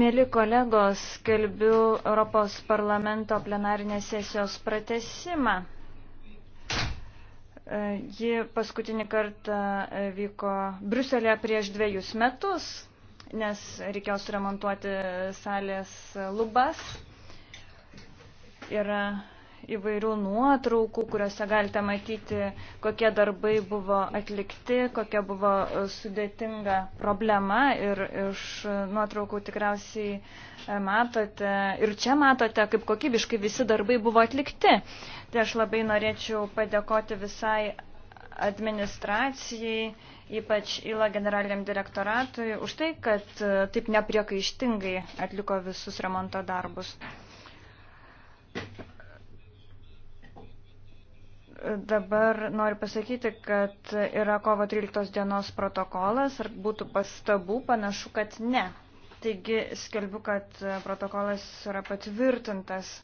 Mėly kolegos, skelbiu Europos parlamento plenarinės sesijos pratesimą. E, ji paskutinį kartą vyko Bruselėje prieš dviejus metus, nes reikėjo suremontuoti salės lubas. Yra įvairių nuotraukų, kuriuose galite matyti, kokie darbai buvo atlikti, kokia buvo e, sudėtinga problema ir iš nuotraukų tikriausiai e, matote ir čia matote, kaip kokybiškai visi darbai buvo atlikti. Tai aš labai norėčiau padėkoti visai administracijai, ypač įla generaliniam direktoratui, už tai, kad e, taip nepriekaištingai atliko visus remonto darbus. Dabar noriu pasakyti, kad yra kovo 13 dienos protokolas, ar būtų pastabų, panašu, kad ne. Taigi skelbiu, kad protokolas yra patvirtintas.